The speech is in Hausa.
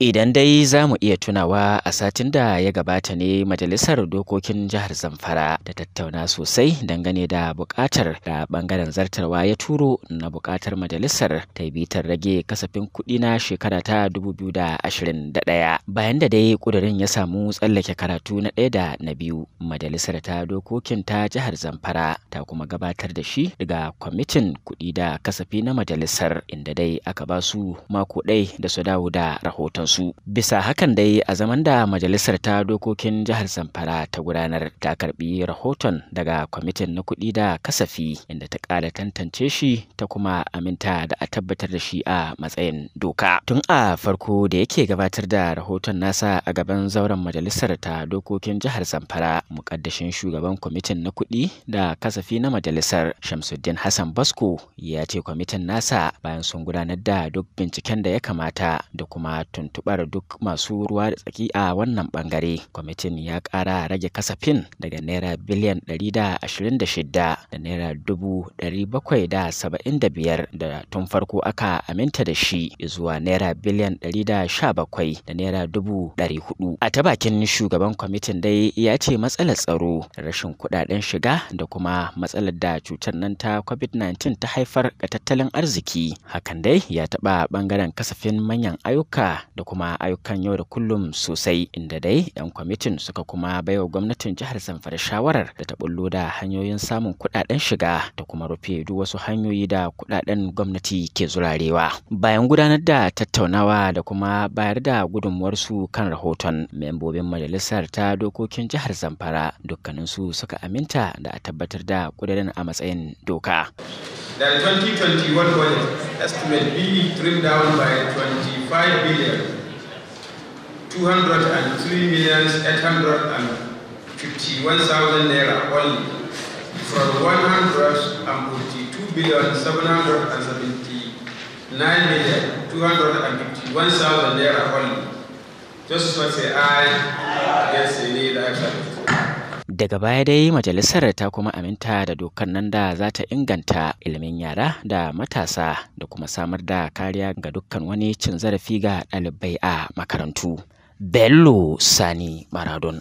Idan dai za mu iya tunawa a satin da ya gabata ne Majalisar Dokokin Jihar Zamfara da tattauna sosai dangane da buƙatar da bangaren zartarwa ya turo na bukatar majalisar ta bitar rage kasafin kuɗi na shekara ta 2021. Bayan da dai ƙudurin ya samu tsallake karatu na ɗaya da na biyu, Majalisar ta Dokokin ta Jihar Zamfara ta kuma gabatar da shi daga kwamitin kuɗi da kasafi na majalisar inda dai aka ba su mako ɗaya da su dawo da rahoton kansu bisa hakan dai a zaman da majalisar ta dokokin jihar zamfara ta gudanar ta karbi rahoton daga kwamitin na kuɗi da kasafi inda ta kara tantance shi ta kuma aminta da a tabbatar da shi a matsayin doka tun a farko da yake gabatar da rahoton nasa a gaban zauren majalisar ta dokokin jihar zamfara mukaddashin shugaban kwamitin na kuɗi da kasafi na majalisar shamsuddin hassan basko ya ce kwamitin nasa bayan sun gudanar da duk binciken da ya kamata da kuma tuntun tuntuɓar duk masu ruwa da tsaki a wannan bangare. Kwamitin ya ƙara rage kasafin daga naira biliyan 126 da naira 775 da tun farko aka aminta da shi zuwa naira biliyan 117 da naira 400. A ta bakin shugaban kwamitin dai ya ce matsalar tsaro rashin kuɗaɗen shiga da kuma matsalar da cutar nan ta covid-19 ta haifar ga tattalin arziki hakan dai ya taɓa ɓangaren kasafin manyan ayyuka da kuma ayyukan yau da kullum sosai inda dai 'yan kwamitin suka kuma baiwa gwamnatin jihar Zamfara shawarar da ta bullo da hanyoyin samun kuɗaɗen shiga da kuma rufe duk wasu hanyoyi da kuɗaɗen gwamnati ke zurarewa. Bayan gudanar da tattaunawa da kuma bayar da gudunmuwarsu kan rahoton membobin majalisar ta dokokin jihar Zamfara dukkaninsu suka aminta da a tabbatar da kudaden a matsayin doka. The 2021 budget estimate be trimmed down by 25 billion 203 million 851,000 naira only from 142 billion 779 million 251,000 naira only. Just what say I, yes, indeed, I shall. daga baya dai majalisar ta kuma aminta da dokar nan da za ta inganta ilimin yara da matasa da kuma samar da kariya ga dukkan wani cin zarafi ga ɗalibai a makarantu Bello Sani Maradon.